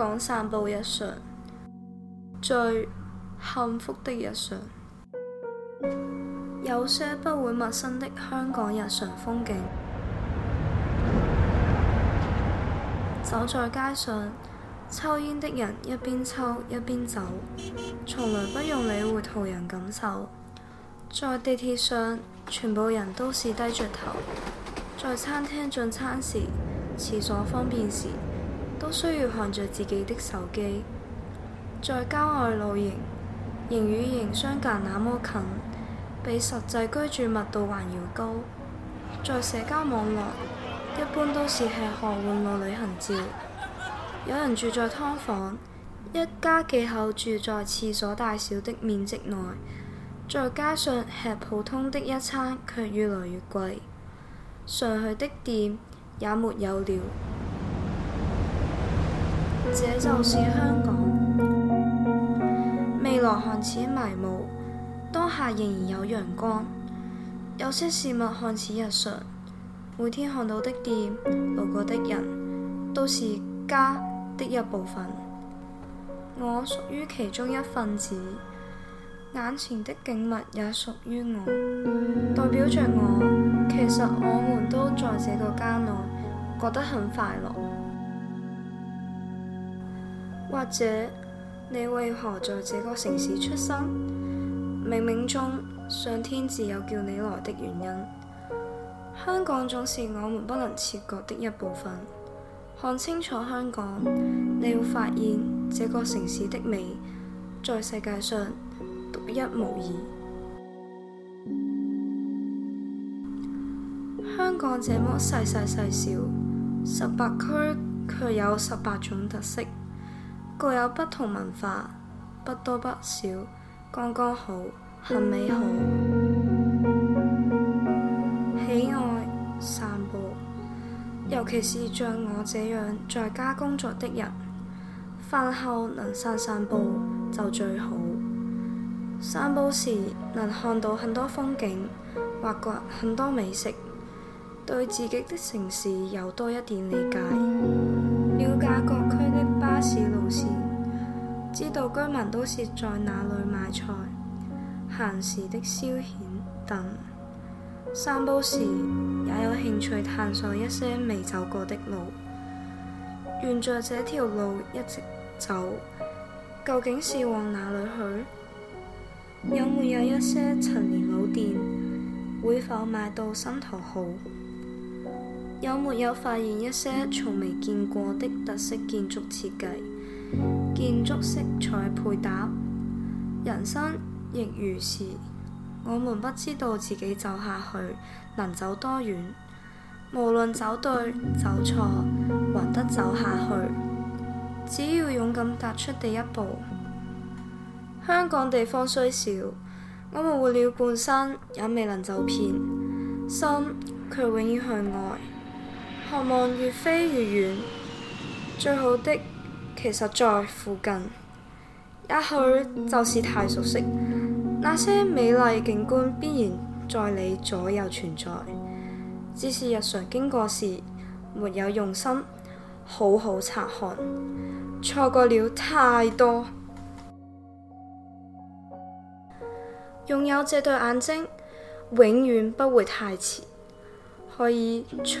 香港散步日常，最幸福的日常。有些不會陌生的香港日常風景。走在街上，抽煙的人一邊抽一邊走，從來不用理會途人感受。在地鐵上，全部人都是低着頭。在餐廳進餐時，廁所方便時。都需要看着自己的手機，在郊外露營，營與營相隔那麼近，比實際居住密度還要高。在社交網絡，一般都是吃喝玩樂旅行照。有人住在劏房，一家幾口住在廁所大小的面積內，再加上吃普通的一餐卻越來越貴，常去的店也沒有了。這就是香港，未來看似迷霧，當下仍然有陽光。有些事物看似日常，每天看到的店、路過的人，都是家的一部分。我屬於其中一份子，眼前的景物也屬於我，代表著我。其實我們都在這個家內，覺得很快樂。或者你為何在這個城市出生？冥冥中，上天自有叫你來的原因。香港總是我們不能切割的一部分。看清楚香港，你會發現這個城市的美在世界上獨一無二。香港這麼細細細小，十八區卻有十八種特色。各有不同文化，不多不少，剛剛好，很美好。喜愛散步，尤其是像我這樣在家工作的人，飯後能散散步就最好。散步時能看到很多風景，挖掘很多美食，對自己的城市有多一點理解，了解各巴士路線，知道居民都是在哪裏買菜，閒時的消遣等。散步時也有興趣探索一些未走過的路。沿着這條路一直走，究竟是往哪裏去？有沒有，有一些陳年老店？會否買到心頭好？有沒有發現一些從未見過的特色建築設計、建築色彩配搭？人生亦如是，我們不知道自己走下去能走多遠，無論走對走錯，還得走下去。只要勇敢踏出第一步。香港地方雖小，我們活了半生也未能走遍，心卻永遠向外。渴望越飛越遠，最好的其實在附近。也許就是太熟悉那些美麗景觀，必然在你左右存在，只是日常經過時沒有用心好好察看，錯過了太多。擁有這對眼睛，永遠不會太遲，可以除。